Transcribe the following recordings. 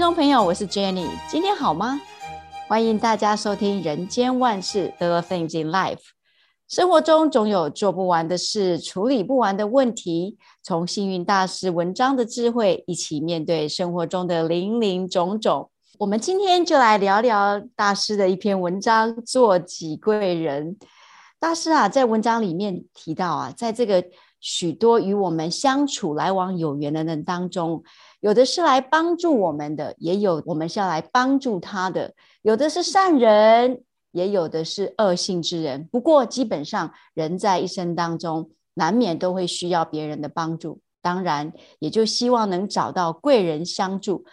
聽眾朋友，我是 Jenny，今天好嗎？歡迎大家收聽《人間萬事》The Things in Life。生活中總有做不完的事，處理不完的問題。從星雲大師文章的智慧，一起面對生活中的林林總總。我們今天就來聊聊大師的一篇文章《做己貴人》。大師啊，在文章裡面提到啊，在這個許多與我們相處來往有緣的人當中。有的是來幫助我們的，也有我們是要來幫助他的。有的是善人，也有的是惡性之人。不過，基本上人在一生當中，難免都會需要別人的幫助，當然也就希望能找到貴人相助。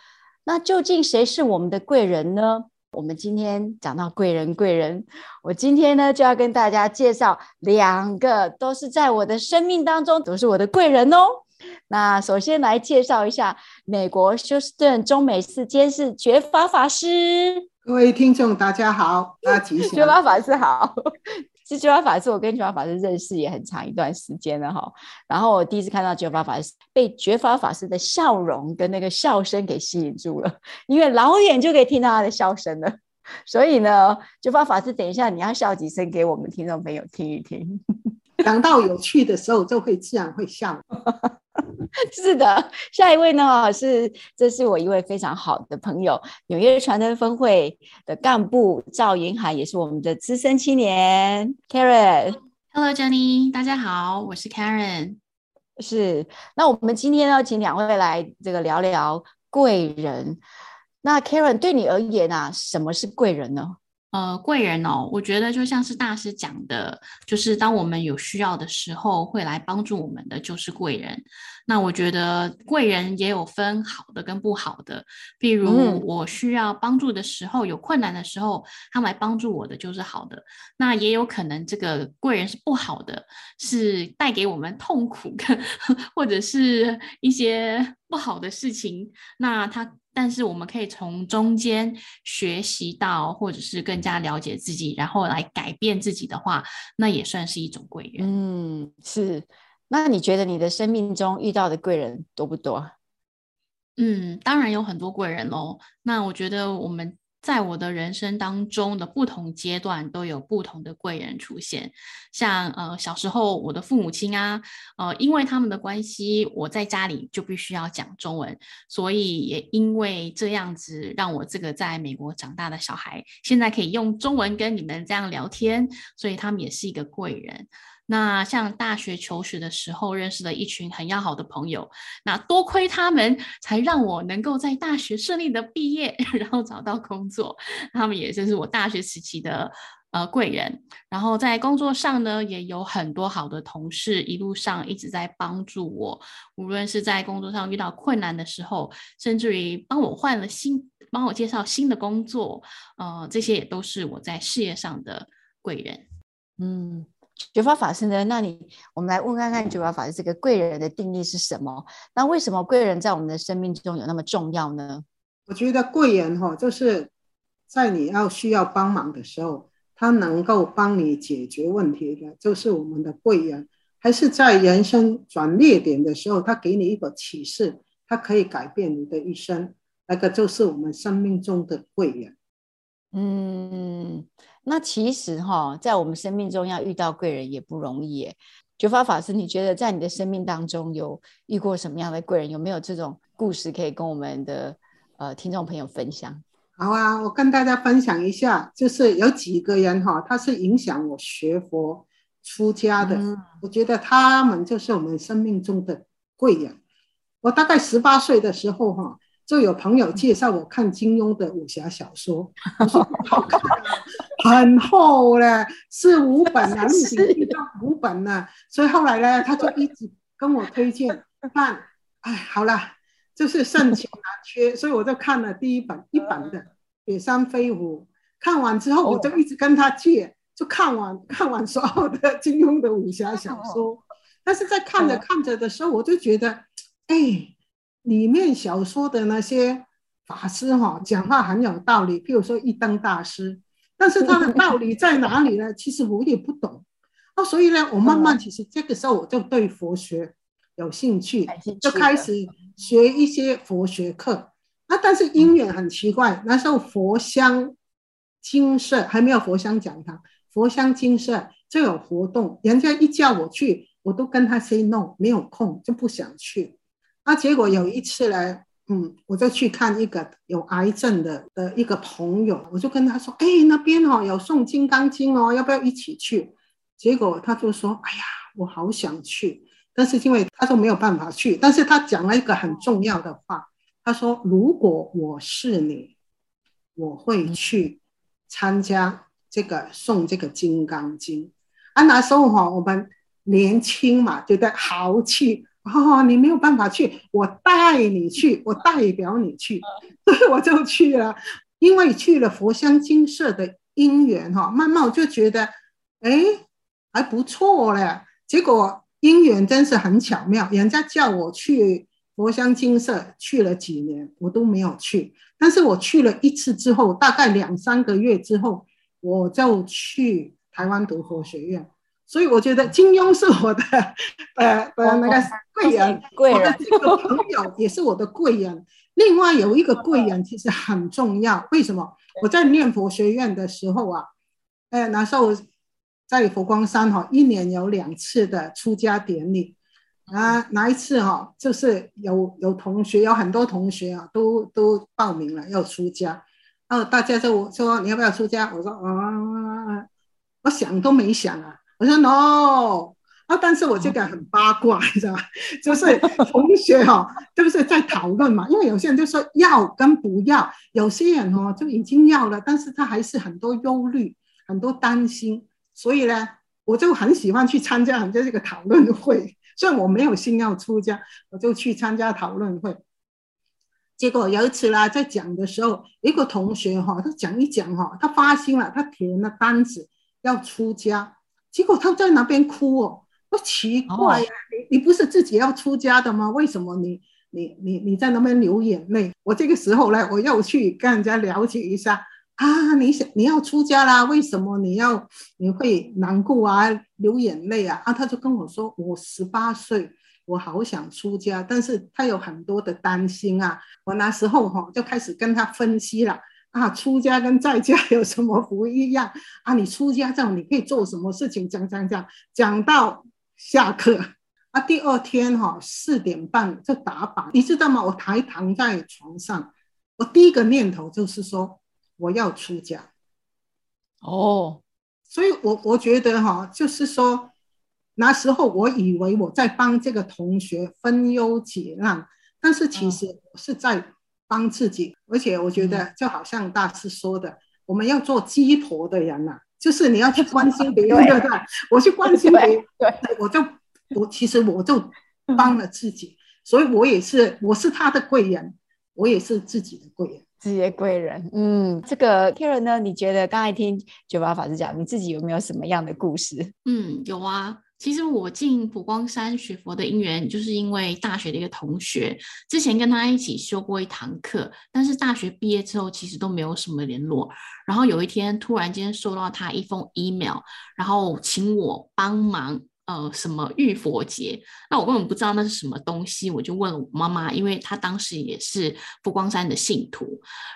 那究竟誰是我們的貴人呢？我們今天講到貴人，貴人，我今天呢就要跟大家介紹兩個，都是在我的生命當中，都是我的貴人哦。那首先來介紹一下美國休斯頓中美寺監寺覺法法師。各位聽眾，大家好。那其實，覺法法師好。是覺法法師，我跟覺法法師認識也很長一段時間了哈。然後我第一次看到覺法法師，被覺法法師的笑容跟那個笑聲給吸引住了，因為老遠就可以聽到他的笑聲了。所以呢，覺法法師，等一下你要笑幾聲給我們聽眾朋友聽一聽。講 到有趣的時候，就會自然會笑。 是的，下一位呢，是這是我一位非常好的朋友，紐約傳燈分會的幹部趙雲海，也是我們的資深青年 Karen。Hello，Jenny，大家好，我是 Karen。是，那我們今天呢，請兩位來這個聊聊貴人。那 Karen，對你而言啊，什麼是貴人呢？呃，貴人哦，我覺得就像是大師講的，就是當我們有需要的時候，會來幫助我們的就是貴人。那我覺得貴人也有分好的跟不好的。比如我需要幫助的時候，嗯、有困難的時候，他們來幫助我的就是好的。那也有可能這個貴人是不好的，是帶給我們痛苦的，或者是一些不好的事情。那他。但是我們可以從中間學習到，或者是更加了解自己，然後來改變自己的話，那也算是一種貴人。嗯，是。那你覺得你的生命中遇到的貴人多不多？嗯，當然有很多貴人嘍。那我覺得我們。在我的人生當中的不同階段，都有不同的貴人出現。像呃小時候我的父母親啊，呃因為他們的關係，我在家裡就必須要講中文，所以也因為這樣子，讓我這個在美國長大的小孩，現在可以用中文跟你們這樣聊天，所以他們也是一個貴人。那像大學求學的時候認識了一群很要好的朋友，那多虧他們才讓我能夠在大學順利的畢業，然後找到工作。他們也就是我大學時期的呃貴人。然後在工作上呢，也有很多好的同事，一路上一直在幫助我。無論是在工作上遇到困難的時候，甚至於幫我換了新，幫我介紹新的工作，呃，這些也都是我在事業上的貴人。嗯。覺法法師呢？那你我們來問看看，覺法法師，這個貴人的定義是什麼？那為什麼貴人在我們的生命中有那麼重要呢？我覺得貴人哈、哦，就是在你要需要幫忙的時候，他能夠幫你解決問題的，就是我們的貴人；還是在人生轉捩點的時候，他給你一個啟示，他可以改變你的一生，那個就是我們生命中的貴人。嗯。那其實哈、哦，在我們生命中要遇到貴人也不容易耶。覺法法師，你覺得在你的生命當中有遇過什麼樣的貴人？有沒有這種故事可以跟我們的呃聽眾朋友分享？好啊，我跟大家分享一下，就是有幾個人哈、哦，他是影響我學佛出家的、嗯。我覺得他們就是我們生命中的貴人。我大概十八歲的時候哈、哦，就有朋友介紹我看金庸的武俠小說， 我說好看。 很厚了，是五本啊，六本五本呢。所以後來呢，他就一直跟我推薦看。哎，好了，就是盛情難卻，所以我就看了第一本一本的《雪山飛狐》。看完之後，我就一直跟他借，就看完、哦、看完所有的金庸的武俠小說。但是在看着看着的時候，我就覺得，哎、哦，裡面小說的那些法師哈、哦，講話很有道理。譬如說一燈大師。但是他的道理在哪裡呢？ 其實我也不懂啊、哦，所以呢，我慢慢其實這個時候我就對佛學有興趣，嗯、就開始學一些佛學課啊。但是因緣很奇怪，那時候佛香精舍還沒有佛香講堂，佛香精舍就有活動，人家一叫我去，我都跟他 say no，沒有空就不想去。啊，結果有一次呢。嗯，我再去看一個有癌症的的一個朋友，我就跟他說：“欸，那邊哈有誦《金剛經》哦，要不要一起去？”結果他就說：“哎呀，我好想去，但是因為他就沒有辦法去。”但是他講了一個很重要的話，他說：“如果我是你，我會去參加這個誦這個《金剛經》。”啊，那時候哈，我們年輕嘛，就在豪氣。哦，你沒有辦法去，我帶你去，我代表你去，所 以我就去了。因為去了佛鄉精舍的因緣哈，慢慢我就覺得，哎，還不錯嘞。結果因緣真是很巧妙，人家叫我去佛鄉精舍，去了幾年我都沒有去，但是我去了一次之後，大概兩三個月之後，我就去台灣讀佛學院。所以我覺得金庸是我的，呃，呃，那個貴人，貴人，我的這個朋友也是我的貴人。 另外有一個貴人其實很重要，為什麼？我在念佛學院的時候啊，哎、呃，那時候我在佛光山哈、啊，一年有兩次的出家典禮啊，哪一次哈、啊，就是有有同學，有很多同學啊，都都報名了要出家，哦，大家就說，我說，你要不要出家？我說啊、哦，我想都沒想啊。我說 no，、哦啊、但是我這個很八卦，你知道嗎？就是同學哈、哦，都、就是在討論嘛。因為有些人就說要跟不要，有些人哦就已經要了，但是他還是很多憂慮，很多擔心。所以呢，我就很喜歡去參加人家這個討論會。雖然我沒有心要出家，我就去參加討論會。結果有一次啦，在講的時候，一個同學哈、哦，他講一講哈、哦，他發心了，他填了單子要出家。結果他在那邊哭哦，我奇怪啊，oh. 你你不是自己要出家的嗎？為什麼你你你你在那邊流眼淚？我這個時候呢，我要去跟人家了解一下啊，你想你要出家啦？為什麼你要你會難過啊，流眼淚啊？啊，他就跟我說，我十八歲，我好想出家，但是他有很多的擔心啊。我那時候哈就開始跟他分析了。啊，出家跟在家有什麼不一樣啊？你出家之後你可以做什麼事情？講講講講到下課啊，第二天哈、哦、四點半就打板。你知道嗎？我還躺，躺在床上，我第一個念頭就是說我要出家哦，oh. 所以我我覺得哈、哦，就是說那時候我以為我在幫這個同學分憂解難，但是其實我是在、oh.。幫自己，而且我覺得就好像大師說的，嗯、我們要做雞婆的人吶、啊，就是你要去關心別人， 對不對？我去關心別人 對對對對，我就我其實我就幫了自己、嗯，所以我也是，我是他的貴人，我也是自己的貴人，自己的貴人。嗯，這個 Karen 呢，你覺得剛才聽九八法師講，你自己有沒有什麼樣的故事？嗯，有啊。其實我進佛光山學佛的因緣，就是因為大學的一個同學，之前跟他一起修過一堂課，但是大學畢業之後其實都沒有什麼聯絡，然後有一天突然間收到他一封 email，然後請我幫忙。呃，什麼玉佛節？那我根本不知道那是什麼東西，我就問了我媽媽，因為她當時也是佛光山的信徒。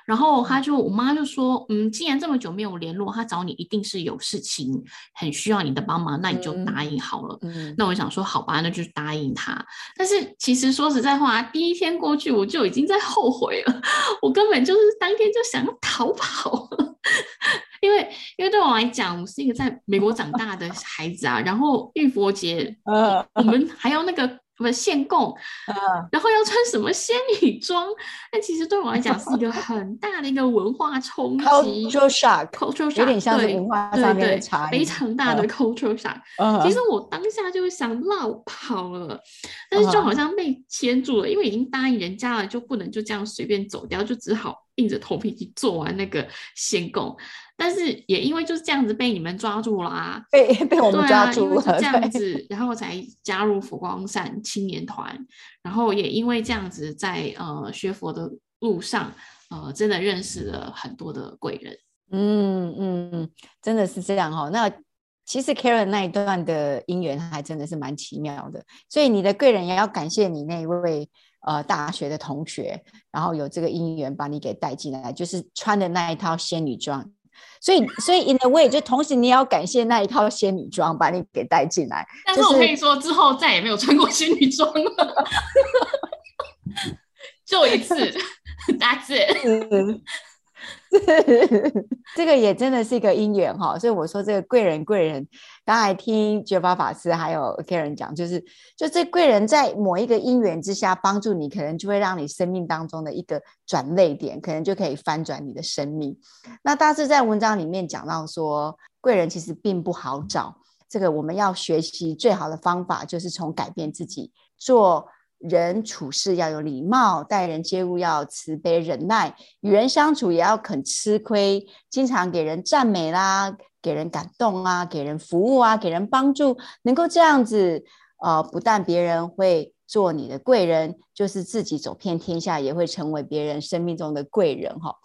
然後她就，我媽就說，嗯，既然這麼久沒有聯絡，她找你一定是有事情，很需要你的幫忙，那你就答應好了。嗯，那我想說，好吧，那就答應她。但是其實說實在話，第一天過去，我就已經在後悔了，我根本就是當天就想逃跑。 因為，因為對我來講，我是一個在美國長大的孩子啊。 然後浴佛節， 我們還要那個什麼獻供，貢 然後要穿什麼仙女裝。那其實對我來講是一個很大的一個文化衝擊 ，culture shock， culture shock 有點像文化上面的對對 非常大的 culture shock。 其實我當下就想落跑了， 但是就好像被牽住了， 因為已經答應人家了，就不能就這樣隨便走掉，就只好。硬着頭皮去做完那個仙供，但是也因為就是這樣子被你們抓住啦、啊，被被我們抓住了、啊、這樣子，然後才加入佛光山青年團，然後也因為這樣子在呃學佛的路上，呃真的認識了很多的貴人，嗯嗯，真的是這樣哦。那其實 Karen 那一段的姻緣還真的是蠻奇妙的，所以你的貴人也要感謝你那一位，呃，大學的同學，然後有這個姻緣把你給帶進來，就是穿的那一套仙女裝，所以所以 in a way 就同時你要感謝那一套仙女裝把你給帶進來，但是我可以說、就是、之後再也沒有穿過仙女裝了，就一次，that's it， 這個也真的是一個姻緣哈、哦，所以我說這個貴人貴人。剛才聽覺寶法，法師還有 Karen 講、就是，就是就這貴人在某一個因緣之下幫助你，可能就會讓你生命當中的一個轉捩點，可能就可以翻轉你的生命。那大師在文章裡面講到說，貴人其實並不好找，這個我們要學習最好的方法就是從改變自己，做人處事要有禮貌，待人接物要慈悲忍耐，與人相處也要肯吃虧，經常給人讚美啦。給人感動啊，給人服務啊，給人幫助，能夠這樣子，呃，不但別人會做你的貴人，就是自己走遍天下也會成為別人生命中的貴人哈。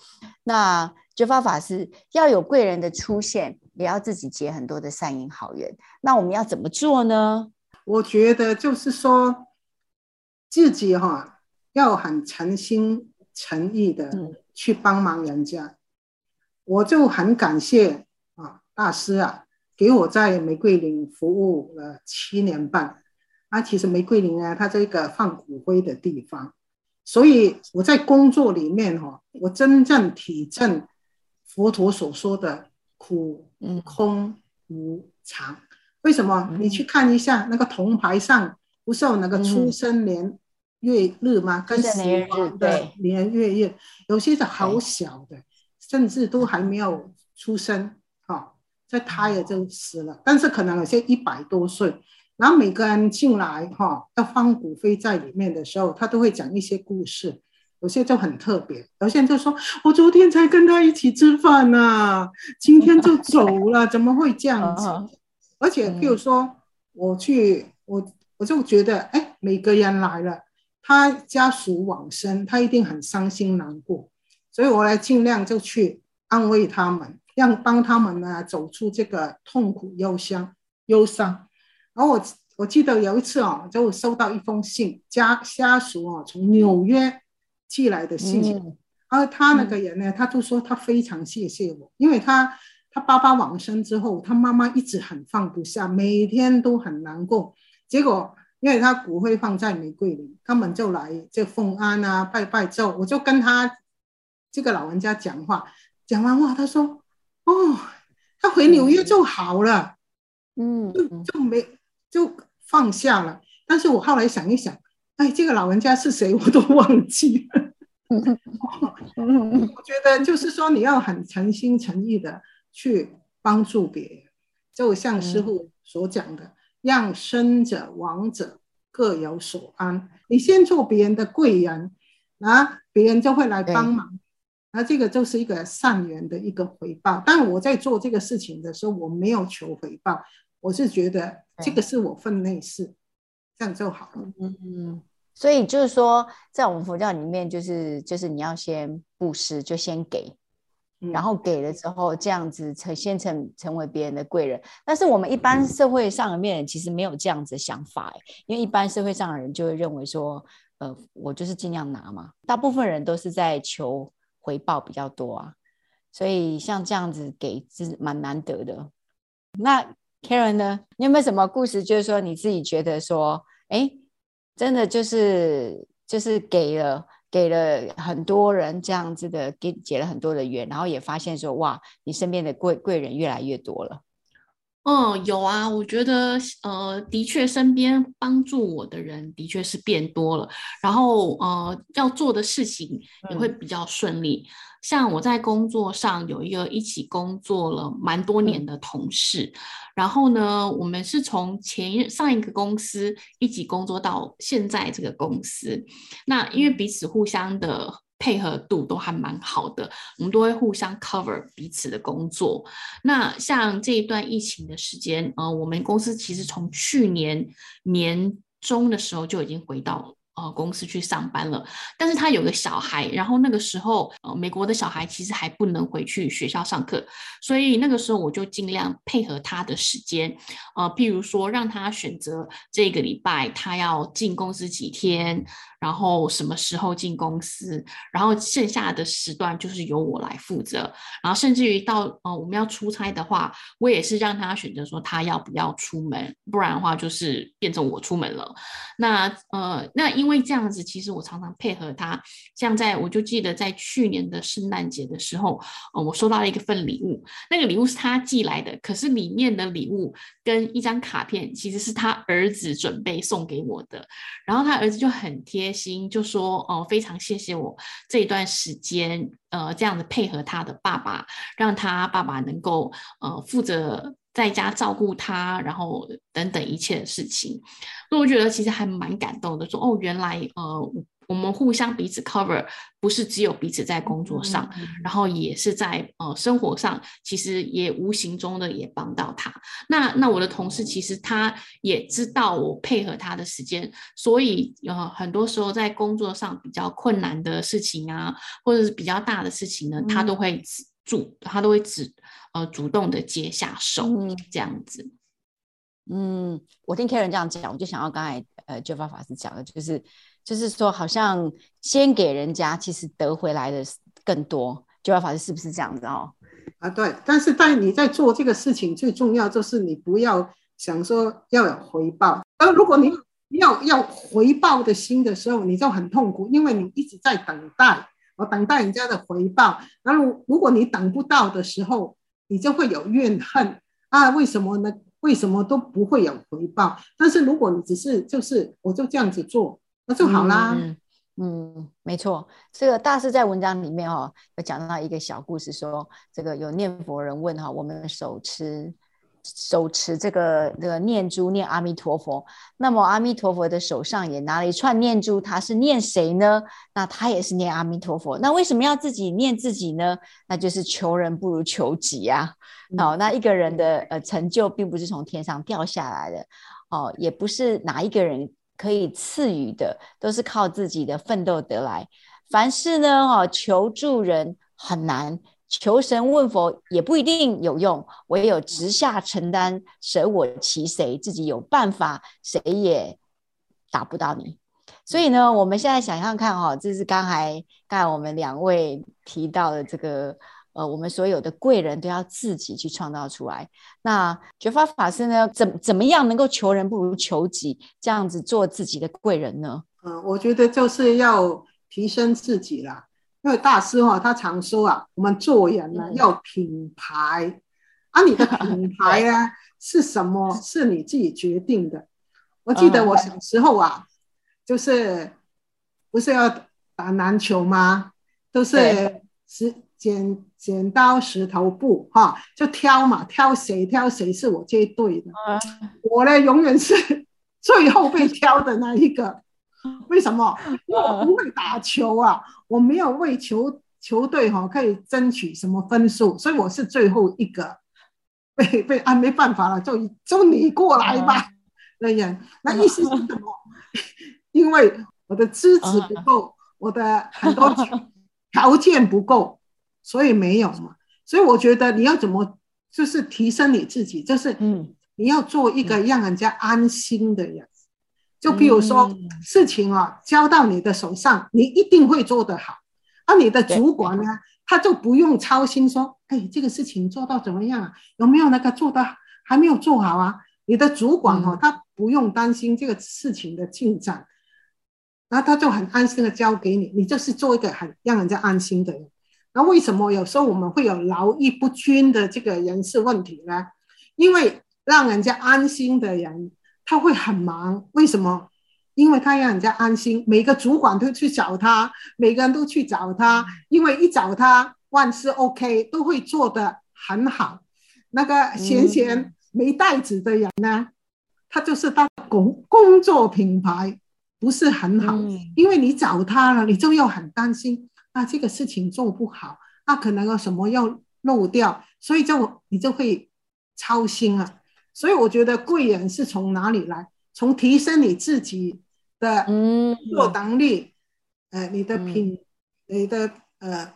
那覺方法師，要有貴人的出現，也要自己結很多的善因好緣。那我們要怎麼做呢？我覺得就是說自己哈、哦、要很誠心誠意的去幫忙人家，嗯、我就很感謝。大師啊，給我在玫瑰林服務了七年半。啊、其實玫瑰林啊，它是一個放骨灰的地方，所以我在工作裡面哈，我真正體證佛陀所說的苦空無常。為什麼？你去看一下那個銅牌上，不是有那個出生年月日嗎？嗯、跟死亡的年月日、嗯，有些是好小的，甚至都還沒有出生在他也就死了，但是可能有些一百多歲，然後每個人進來哈、哦，要放骨灰在裡面的時候，他都會講一些故事，有些就很特別，有些人就說我昨天才跟他一起吃飯呢、啊，今天就走了，怎麼會這樣子、啊？而且比如說，我去我我就覺得哎，每個人來了，他家屬往生，他一定很傷心難過，所以我來盡量就去安慰他們。讓幫他們呢走出這個痛苦、憂傷、憂傷。然後我我記得有一次啊、哦，就收到一封信，家家屬啊、哦、從紐約寄來的信息。嗯。而他那個人呢，他就說他非常謝謝我，嗯、因為他他爸爸往生之後，他媽媽一直很放不下，每天都很難過。結果因為他骨灰放在玫瑰裡，他們就來這奉安啊拜拜之後。我就跟他這個老人家講話，講完話他說。哦，他回紐約就好了，嗯，就，就沒就放下了。但是我後來想一想，哎，這個老人家是誰？我都忘記了。 我覺得就是說，你要很誠心誠意的去幫助別人，就像師父所講的，嗯，讓生者亡者各有所安。你先做別人的貴人啊，別人就會來幫忙。那這個就是一個善緣的一個回報。但我在做這個事情的時候，我沒有求回報，我是覺得這個是我分內事，嗯，這樣就好了。嗯嗯。所以就是說，在我們佛教裡面，就是就是你要先布施，就先給，嗯、然後給了之後，這樣子才先成成為別人的貴人。但是我們一般社會上的面，其實沒有這樣子的想法，欸，因為一般社會上的人就會認為說，呃，我就是盡量拿嘛。大部分人都是在求。回報比較多啊，所以像這樣子給是蠻難得的。那 Karen 呢？你有沒有什麼故事？就是說你自己覺得說，誒，真的就是就是給了給了很多人這樣子的，給結了很多的緣，然後也發現說，哇，你身邊的貴貴人越來越多了。嗯，有啊，我覺得，呃，的確，身邊幫助我的人的確是變多了，然後，呃，要做的事情也會比較順利。嗯、像我在工作上有一個一起工作了蠻多年的同事、嗯，然後呢，我們是從前上一個公司一起工作到現在這個公司，那因為彼此互相的配合度都還蠻好的，我們都會互相 cover 彼此的工作。那像這一段疫情的時間，呃，我們公司其實從去年年中的時候就已經回到呃公司去上班了。但是他有個小孩，然後那個時候呃美國的小孩其實還不能回去學校上課，所以那個時候我就盡量配合他的時間，呃，譬如說讓他選擇這個禮拜他要進公司幾天。然後什麼時候進公司？然後剩下的時段就是由我來負責。然後甚至於到呃我們要出差的話，我也是讓他選擇說他要不要出門，不然的話就是變成我出門了。那呃那因為這樣子，其實我常常配合他。像在我就記得在去年的聖誕節的時候，呃我收到了一份禮物，那個禮物是他寄來的，可是裡面的禮物跟一張卡片其實是他兒子準備送給我的。然後他兒子就很貼心就說哦，呃，非常謝謝我這段時間，呃，這樣的配合他的爸爸，讓他爸爸能夠呃負責在家照顧他，然後等等一切的事情。那我覺得其實還蠻感動的說，說哦，原來呃。我們互相彼此 cover，不是只有彼此在工作上，嗯、然後也是在呃生活上，其實也無形中的也幫到他。那那我的同事其實他也知道我配合他的時間，所以、呃、很多時候在工作上比較困難的事情啊，或者是比較大的事情呢，嗯、他都會主他都會主、呃、主動的接下手、嗯、這樣子。嗯，我聽 Karen 這樣講，我就想要剛才呃 Joseph 法師講的，就是。就是說，好像先給人家，其實得回來的更多。就要發現是不是這樣子？哦，啊，對。但是，但你在做這個事情，最重要就是你不要想說要有回報。當、啊、如果你要要回報的心的時候，你就很痛苦，因為你一直在等待，我、啊、等待人家的回報。那如果你等不到的時候，你就會有怨恨啊。為什麼呢？為什麼都不會有回報？但是如果你只是就是我就這樣子做。那就好啦、嗯嗯。嗯，沒錯，這個大師在文章裡面哈、哦，有講到一個小故事說，說這個有念佛人問哈，我們手持手持這個這個念珠念阿彌陀佛，那麼阿彌陀佛的手上也拿了一串念珠，他是念誰呢？那他也是念阿彌陀佛。那為什麼要自己念自己呢？那就是求人不如求己呀、啊嗯。哦，那一個人的呃成就，並不是從天上掉下來的，哦，也不是哪一個人。可以賜予的，都是靠自己的奮鬥得來。凡事呢，哈，求助人很難，求神問佛也不一定有用。唯有直下承擔，捨我其誰，自己有辦法，誰也打不到你。所以呢，我們現在想想看，哈，這是剛才剛才我們兩位提到的這個。呃，我們所有的貴人都要自己去創造出來。那覺法法師呢？怎怎麼樣能夠求人不如求己，這樣子做自己的貴人呢？呃、我覺得就是要提升自己啦。因為大師哈、啊，他常說啊，我們做人呢，要品牌， 啊，你的品牌啊 是什麼？是你自己決定的。我記得我小時候啊， 就是不是要打籃球嗎？都、就是是。 剪剪刀石頭布哈，就挑嘛，挑誰挑誰是我這一隊的。Uh -huh. 我呢，永遠是最後被挑的那一個。為什麼？因為我不會打球啊，我沒有為球球隊哈可以爭取什麼分數，所以我是最後一個被被啊沒辦法了，就就你過來吧。那樣，Uh -huh.，那意思是什麼？Uh -huh. 因為我的資質不夠，uh -huh. 我的很多條件不夠。所以沒有嘛，所以我覺得你要怎麼就是提升你自己，就是嗯，你要做一個讓人家安心的人。就比如說事情啊，交到你的手上，你一定會做得好。啊，你的主管呢，他就不用操心說，哎，這個事情做到怎麼樣啊？有沒有那個做到還沒有做好啊？你的主管哦、啊，他不用擔心這個事情的進展，然後他就很安心的交給你，你就是做一個很讓人家安心的人。那為什麼有時候我們會有勞逸不均的這個人事問題呢？因為讓人家安心的人，他會很忙。為什麼？因為他讓人家安心。每個主管都去找他，每個人都去找他，因為一找他，萬事 OK 都會做得很好。那個閒閒沒代誌的人呢，嗯、他就是他的工工作品牌不是很好，嗯，因為你找他了，你就要很擔心。那、啊、這個事情做不好，那、啊、可能有什麼要漏掉，所以就你就會操心啊。所以我覺得貴人是從哪裡來？從提升你自己的嗯做能力，呃，你的品，嗯、你的呃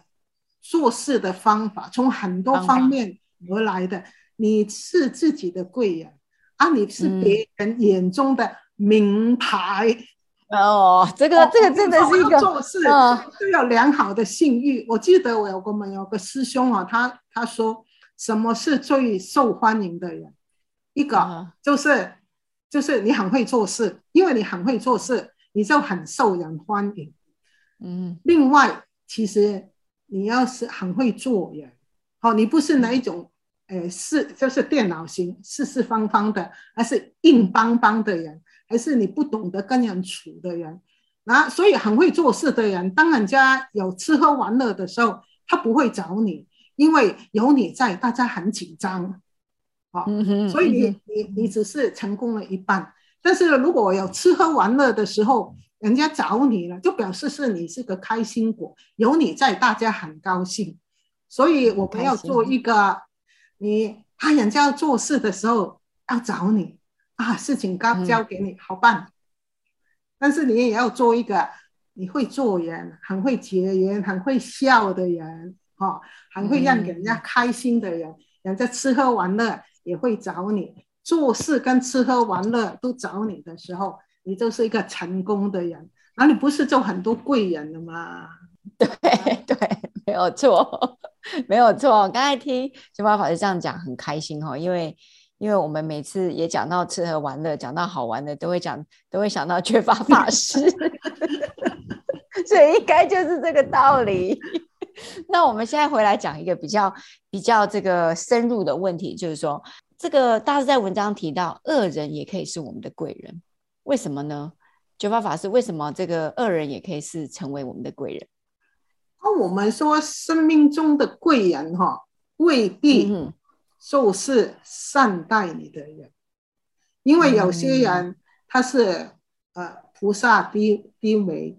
做事的方法，從很多方面而來的。嗯、你是自己的貴人啊，你是別人眼中的名牌。嗯嗯哦、oh,，這個、oh, 這個真的是一個，做事，都、哦、有良好的信譽。我記得我有個、們有個師兄哈、啊，他他說，什麼是最受歡迎的人？一個就是、uh -huh. 就是你很會做事，因為你很會做事，你就很受人歡迎。嗯、uh -huh.，另外，其實你要是很會做人，好、哦，你不是那一種，呃，四就是電腦型、四四方方的，而是硬邦邦的人。還是你不懂得跟人處的人，啊，所以很會做事的人，當人家有吃喝玩樂的時候，他不會找你，因為有你在，大家很緊張，好、啊嗯，所以你、嗯、你你只是成功了一半。但是如果有吃喝玩樂的時候，人家找你了，就表示是你是個開心果，有你在，大家很高興。所以我們要做一個，你他、啊、人家做事的時候要找你。啊，事情交交給你，好辦、嗯。但是你也要做一個你會做人、很會結緣、很會笑的人，哈、哦，很會讓人家開心的人。嗯、人家吃喝玩樂也會找你，做事跟吃喝玩樂都找你的時候，你就是一個成功的人。那、啊、你不是就很多貴人了嗎？對、啊、對，沒有錯，沒有錯。剛才聽小爸爸就這樣講，很開心哈，因為。因為我們每次也講到吃喝玩樂，講到好玩的，都會講，都會想到覺法法師， 所以應該就是這個道理。 那我們現在回來講一個比較比較這個深入的問題，就是說，這個大師在文章提到，惡人也可以是我們的貴人，為什麼呢？覺法法師為什麼這個惡人也可以是成為我們的貴人？那、啊、我們說生命中的貴人哈、哦，未必。嗯就是善待你的人，因為有些人他是、嗯、呃菩薩低低眉，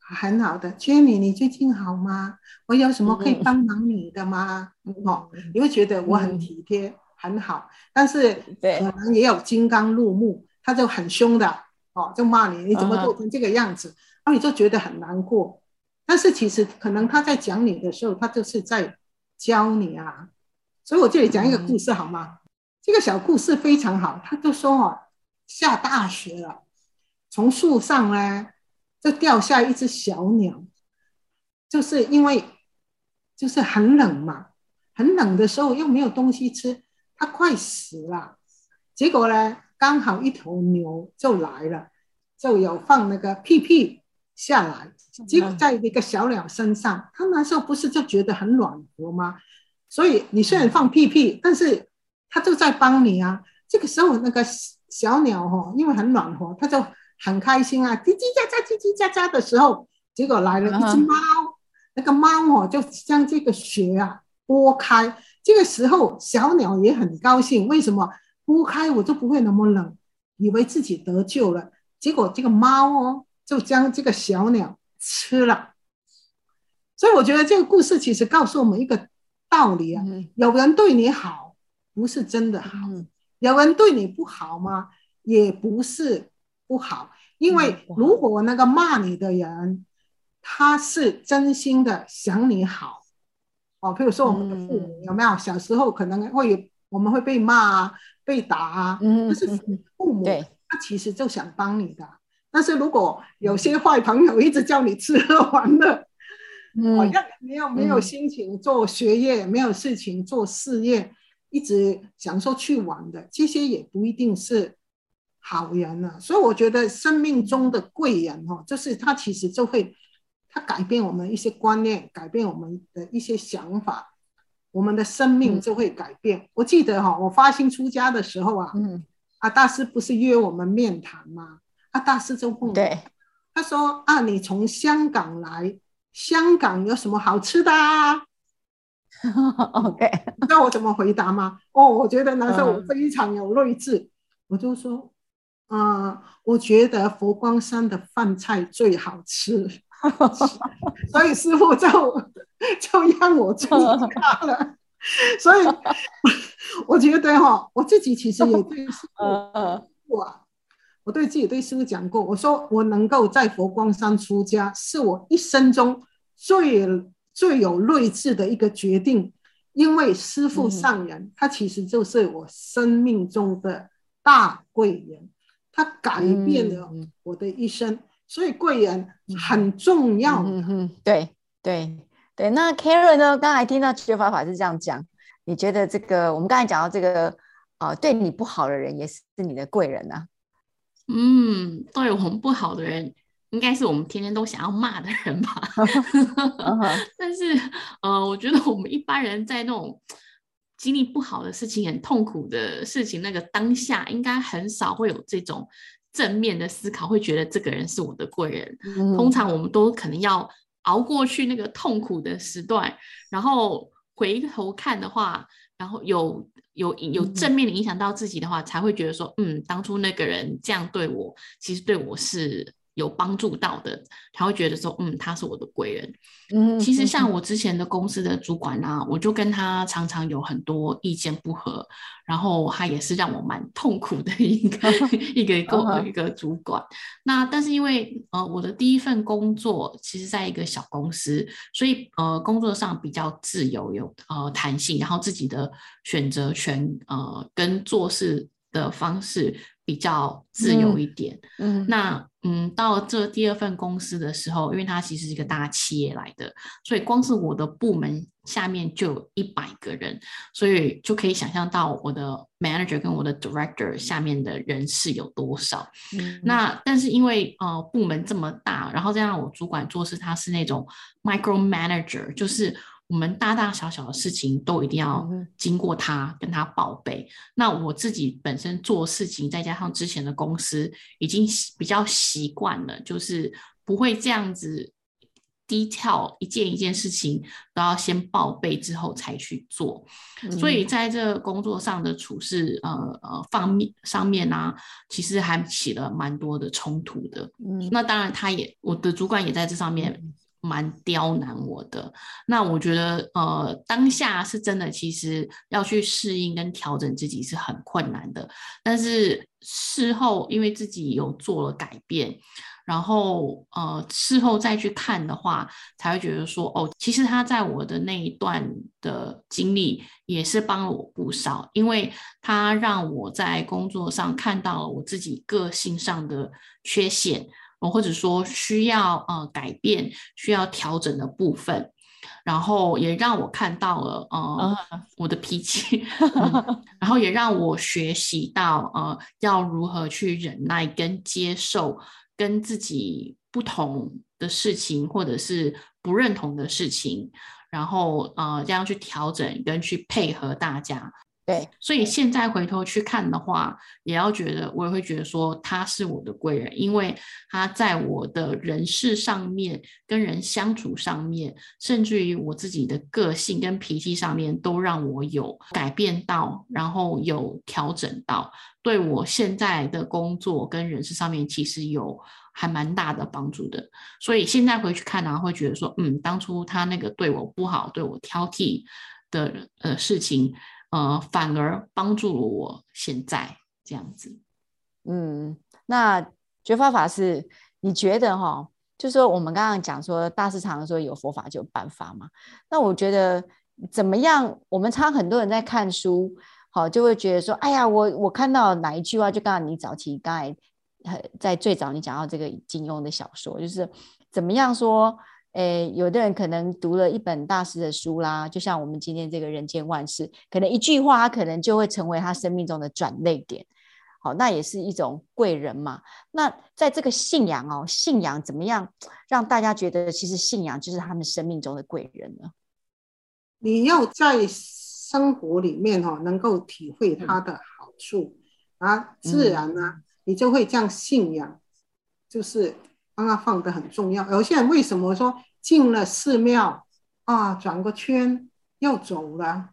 很好的。Jenny 你最近好嗎？我有什麼可以幫忙你的嗎？哦，你會覺得我很體貼，嗯、很好。但是可能也有金剛怒目，他就很凶的，哦，就罵你，你怎麼做成這個樣子？然、嗯、後、啊、你就覺得很難過。但是其實可能他在講你的時候，他就是在教你啊。所以我這裡講一個故事好嗎、嗯？這個小故事非常好。他都說、哦、下大雪了，從樹上呢就掉下一隻小鳥，就是因為就是很冷嘛，很冷的時候又沒有東西吃，它快死了。結果呢，剛好一頭牛就來了，就有放那個屁屁下來，結果在那個小鳥身上，嗯、它那時候不是就覺得很暖和嗎？所以你雖然放屁屁，但是它就在幫你啊。這個時候，那個小鳥哈、喔，因為很暖和、喔，它就很開心啊，嘰嘰喳喳，嘰嘰、哎、喳喳的時候，結果來了一只貓。那個貓哦，就將這個雪啊撥開。這個時候，小鳥也很高興，為什麼撥開我就不會那麼冷？以為自己得救了。結果這個貓哦，就將這個小鳥吃了。所以我覺得這個故事其實告訴我們一個。道理啊，有人對你好，不是真的好，嗯。有人對你不好嗎？也不是不好，因為如果那個罵你的人，他是真心的想你好。哦，比如說我們的父母，嗯，有沒有小時候可能會有，我們會被罵、啊、被打啊？但是父母，嗯嗯、他其實就想幫你的。但是如果有些壞朋友一直叫你吃喝玩樂。嗯、好像沒有沒有心情做學業、嗯，沒有事情做事業，一直享受去玩的，這些也不一定是好人呢、啊。所以我覺得生命中的貴人哦，就是他其實就會他改變我們一些觀念，改變我們的一些想法，我們的生命就會改變。嗯、我記得哈、哦，我發心出家的時候啊，嗯，啊大師不是約我們面談嗎？啊大師就問，對，他說啊，你從香港來。香港有什麼好吃的、啊？OK，你知道我怎麼回答嗎？哦，我覺得那時候我非常有睿智，嗯、我就說，嗯、呃，我覺得佛光山的飯菜最好吃， 所以師父就就讓我注他了。所以我覺得哈，我自己其實也對師父、啊，我、嗯。我對自己、對師父講過，我說我能夠在佛光山出家，是我一生中最最有睿智的一個決定。因為師父上人、嗯，他其實就是我生命中的大貴人，他改變了我的一生。嗯、所以貴人很重要。嗯哼、嗯嗯嗯嗯，對對對。那 Karen 呢？剛才聽到覺法法師是這樣講，你覺得這個我們剛才講到這個啊、呃，對你不好的人也是你的貴人呢、啊？嗯，對我們不好的人，應該是我們天天都想要罵的人吧？ 但是，呃，我覺得我們一般人在那種經歷不好的事情、很痛苦的事情那個當下，應該很少會有這種正面的思考，會覺得這個人是我的貴人。嗯。通常我們都可能要熬過去那個痛苦的時段，然後。回頭看的話，然後有有有正面的影響到自己的話，嗯，才會覺得說，嗯，當初那個人這樣對我，其實對我是。有幫助到的，他會覺得說：“嗯，他是我的貴人。”嗯，其實像我之前的公司的主管啊，嗯，我就跟他常常有很多意見不合，然後他也是讓我蠻痛苦的一個 一個一個，Uh-huh. 一個主管。那但是因為呃我的第一份工作，其實在一個小公司，所以呃工作上比較自由，有呃彈性，然後自己的選擇權呃跟做事的方式。比較自由一點，嗯，嗯，那嗯，到這第二份公司的時候，因為它其實是一個大企業來的，所以光是我的部門下面就有一百個人，所以就可以想象到我的 manager 跟我的 director 下面的人是有多少。嗯嗯，那但是因為呃部門這麼大，然後再讓我主管做事，他是那種 micro manager，就是。我們大大小小的事情都一定要經過他跟他報備。嗯、那我自己本身做事情，再加上之前的公司已經比較習慣了，就是不會這樣子低跳一件一件事情都要先報備之後才去做。嗯、所以在這個工作上的處事，呃呃方面上面啊，其實還起了蠻多的衝突的、嗯。那當然，他也，我的主管也在這上面，蠻刁難我的，那我覺得呃，當下是真的，其實要去適應跟調整自己是很困難的。但是事後，因為自己有做了改變，然後呃，事後再去看的話，才會覺得說，哦，其實他在我的那一段的經歷也是幫了我不少，因為他讓我在工作上看到了我自己個性上的缺陷。我或者說需要呃改變、需要調整的部分，然後也讓我看到了呃、Uh-huh. 我的脾氣，嗯、 然後也讓我學習到呃要如何去忍耐跟接受跟自己不同的事情或者是不認同的事情，然後呃這樣去調整跟去配合大家。對，所以現在回頭去看的話，也要覺得我也會覺得說他是我的貴人，因為他在我的人事上面、跟人相處上面，甚至於我自己的個性跟脾氣上面，都讓我有改變到，然後有調整到，對我現在的工作跟人事上面，其實有還蠻大的幫助的。所以現在回去看啊，會覺得說，嗯，當初他那個對我不好、對我挑剔的，呃，事情。呃，反而幫助了我現在這樣子。嗯，那覺法法師，你覺得哈、哦？就是，說我們剛剛講說，大師常說有佛法就有辦法嘛？那我覺得怎麼樣？我們常很多人在看書，好、哦、就會覺得說，哎呀，我我看到哪一句話？就剛剛，你早期剛才在最早你講到這個金庸的小說，就是怎麼樣說？哎，有的人可能讀了一本大師的書啦，就像我們今天這個人間萬事，可能一句話，他可能就會成為他生命中的轉捩點。好，那也是一種貴人嘛。那在這個信仰哦，信仰怎麼樣讓大家覺得其實信仰就是他們生命中的貴人呢？你要在生活裡面哦，能夠體會它的好處、嗯、啊，自然呢、啊，你就會這樣信仰就是。剛剛放的很重要，有些人為什麼說進了寺廟啊，轉個圈要走了？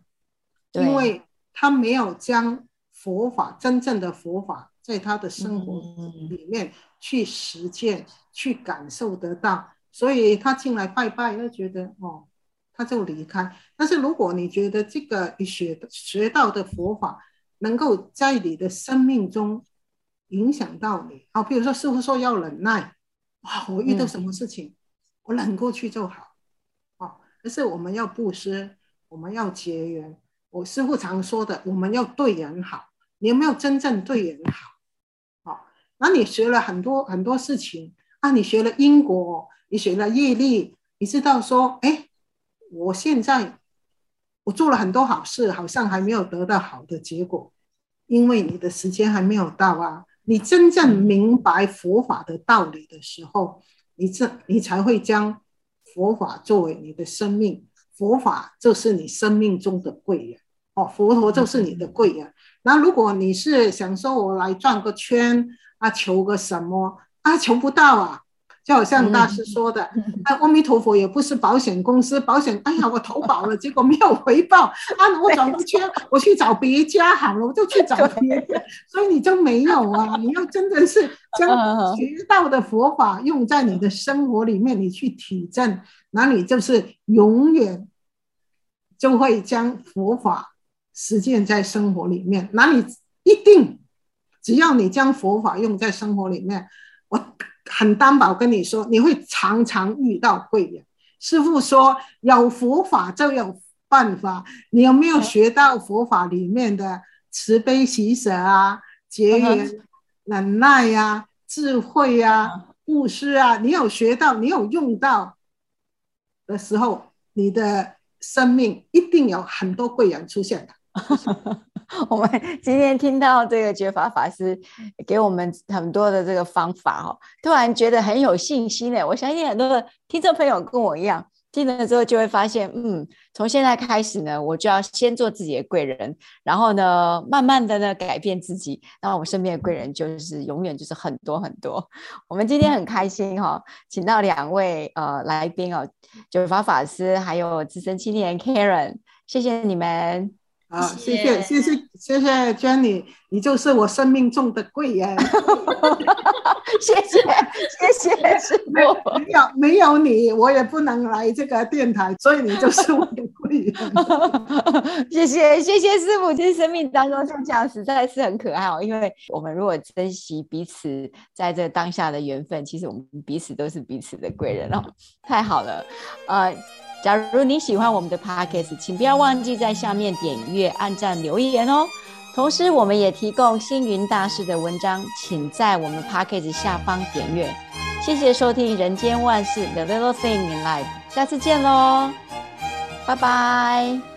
因為他沒有將佛法真正的佛法在他的生活裡面去實踐，mm -hmm. 去感受得到，所以他進來拜拜，他覺得哦，他就離開。但是如果你覺得這個你學學到的佛法能夠在你的生命中影響到你啊，比如說師傅說要忍耐。啊、哦，我遇到什麼事情，嗯、我忍過去就好，啊、哦，可是我們要布施，我們要結緣。我師父常說的，我們要對人好。你有沒有真正對人好？啊、哦，那你學了很多很多事情啊，你學了因果，你學了業力，你知道說，哎、欸，我現在我做了很多好事，好像還沒有得到好的結果，因為你的時間還沒有到啊。你真正明白佛法的道理的時候，你這你才會將佛法作為你的生命，佛法就是你生命中的貴人哦，佛陀就是你的貴人。那、嗯、如果你是想說，我來轉個圈啊，求個什麼啊，求不到啊。就好像大師說的，嗯、阿彌陀佛也不是保險公司，嗯、保險，哎呀，我投保了， 結果沒有回報，啊，我轉個圈，我去找別家好了，我就去找別家，所以你就沒有啊， 你又真的是將學到的佛法用在你的生活裡面，你去體證，那你就是永遠就會將佛法實踐在生活裡面，那你一定，只要你將佛法用在生活裡面。很擔保跟你說，你會常常遇到貴人。師父說，有佛法就有辦法。你有沒有學到佛法裡面的慈悲喜捨啊、結緣、啊，忍耐呀、啊、智慧呀、啊、布施啊？你有學到，你有用到的時候，你的生命一定有很多貴人出現的。 我們今天聽到這個覺法法師給我們很多的這個方法、哦、突然覺得很有信心呢。我相信很多的聽眾朋友跟我一樣，聽了之後就會發現，嗯，從現在開始呢，我就要先做自己的貴人，然後呢，慢慢的呢改變自己，那我身邊的貴人就是永遠就是很多很多。我們今天很開心哈、哦，請到兩位呃來賓哦，覺法法師還有資深青年 Karen，謝謝你們。好，謝謝，謝謝，謝謝 Jenny。謝謝你就是我生命中的貴人，哈哈哈哈哈哈！謝謝，謝謝師父。 沒有沒有你，我也不能來這個電台，所以你就是我的貴人，哈哈哈哈哈哈！謝謝，謝謝師父。其實生命當中像這樣子，實在是很可愛哦。因為我們如果珍惜彼此在這當下的緣分，其實我們彼此都是彼此的貴人哦。太好了，呃，假如你喜歡我們的 podcast，請不要忘記在下面點閱、按讚、留言哦。同時，我們也提供星雲大師的文章，請在我們 Podcast 下方點閱。謝謝收聽《人間萬事 The Little Thing in Life》，下次見嘍，拜拜。